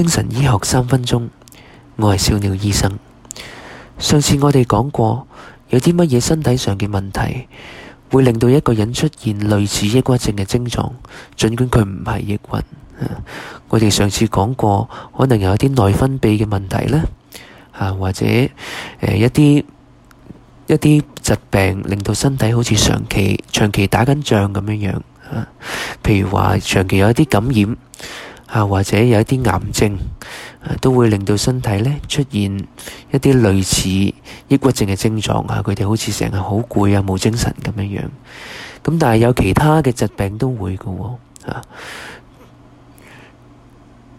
精神醫學三分鐘，我係小鳥醫生。上次我哋講過，有啲乜嘢身體上嘅問題，會令到一個人出現類似抑鬱症嘅症狀，盡管佢唔係抑鬱，啊。我哋上次講過，可能有啲內分泌嘅問題呢，吓、啊、或者誒、呃、一啲一啲疾病令到身體好似長期長期打緊仗咁樣樣，啊，譬如話長期有一啲感染。啊，或者有一啲癌症，啊，都會令到身體咧出現一啲類似抑鬱症嘅症狀啊。佢哋好似成日好攰啊，冇精神咁樣樣。咁但係有其他嘅疾病都會嘅喎。啊，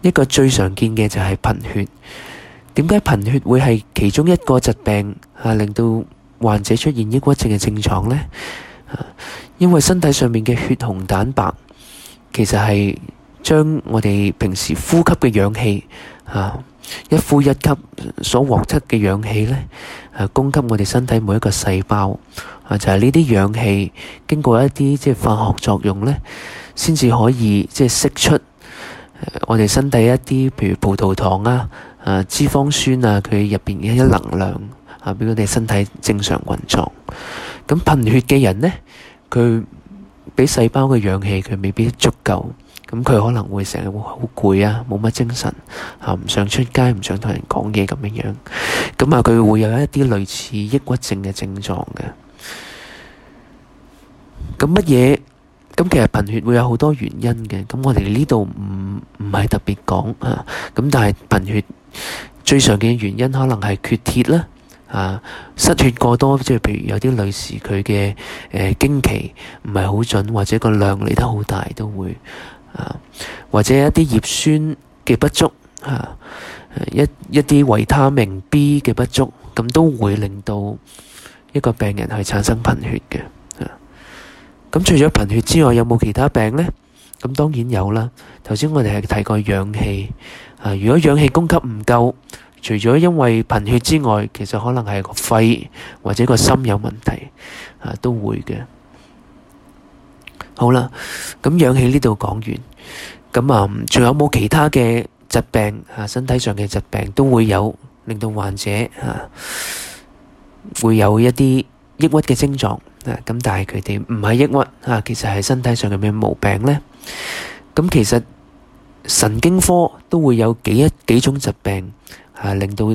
一個最常見嘅就係貧血。點解貧血會係其中一個疾病啊，令到患者出現抑鬱症嘅症狀呢？啊，因為身體上面嘅血紅蛋白其實係。將我哋平時呼吸嘅氧氣，啊，一呼一吸所獲出嘅氧氣咧，啊，供給我哋身體每一個細胞啊，就係呢啲氧氣經過一啲即係化學作用咧，先至可以即係釋出我哋身體一啲，譬如葡萄糖啊、啊脂肪酸啊，佢入邊嘅一啲能量啊，俾我哋身體正常運作。咁貧血嘅人咧，佢俾細胞嘅氧氣佢未必足夠。咁佢可能會成日會好攰啊，冇乜精神啊，唔想出街，唔想同人講嘢咁樣樣。咁啊，佢會有一啲類似抑鬱症嘅症狀嘅。咁乜嘢？咁、啊、其實貧血會有好多原因嘅。咁、啊、我哋呢度唔唔係特別講啊。咁但係貧血最常見嘅原因可能係缺鐵啦啊，失血過多，即係譬如有啲女士佢嘅誒經期唔係好準，或者個量嚟得好大，都會。或者一啲葉酸嘅不足吓、啊，一一啲維他命 B 嘅不足，咁都會令到一個病人係產生貧血嘅。咁、啊、除咗貧血之外，有冇其他病呢？咁當然有啦。頭先我哋係睇過氧氣啊，如果氧氣供給唔夠，除咗因為貧血之外，其實可能係個肺或者個心有問題啊，都會嘅。好啦，咁氧氣呢度講完，咁啊，仲有冇其他嘅疾病啊？身體上嘅疾病都會有令到患者啊，會有一啲抑鬱嘅症狀啊。咁但係佢哋唔係抑鬱啊，其實係身體上有咩毛病咧？咁其實神經科都會有幾一幾種疾病啊，令到。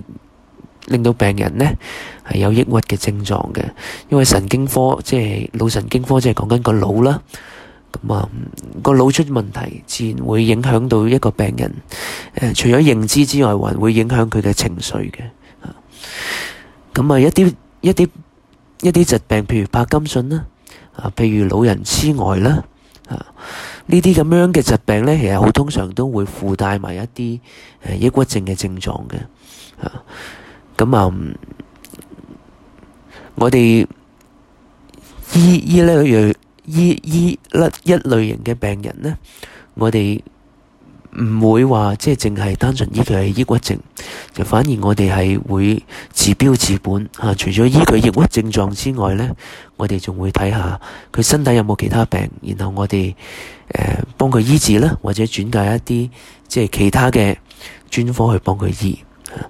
令到病人呢係有抑鬱嘅症狀嘅，因為神經科即係腦神經科，即係講緊個腦啦。咁啊，個腦出問題，自然會影響到一個病人。呃、除咗認知之外，還會影響佢嘅情緒嘅。咁啊，一啲一啲一啲疾病，譬如帕金遜啦，啊，譬如老人痴呆啦，呢啲咁樣嘅疾病呢，其實好通常都會附帶埋一啲誒、呃、抑鬱症嘅症狀嘅。啊！咁啊、嗯，我哋醫呢咧類醫醫一類型嘅病人呢，我哋唔會話即係淨係單純醫佢係抑鬱症，就反而我哋係會治標治本吓、啊。除咗醫佢抑鬱症狀之外呢，我哋仲會睇下佢身體有冇其他病，然後我哋誒、呃、幫佢醫治啦，或者轉介一啲即係其他嘅專科去幫佢醫。啊、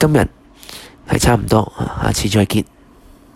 今日。係差唔多，下次再見。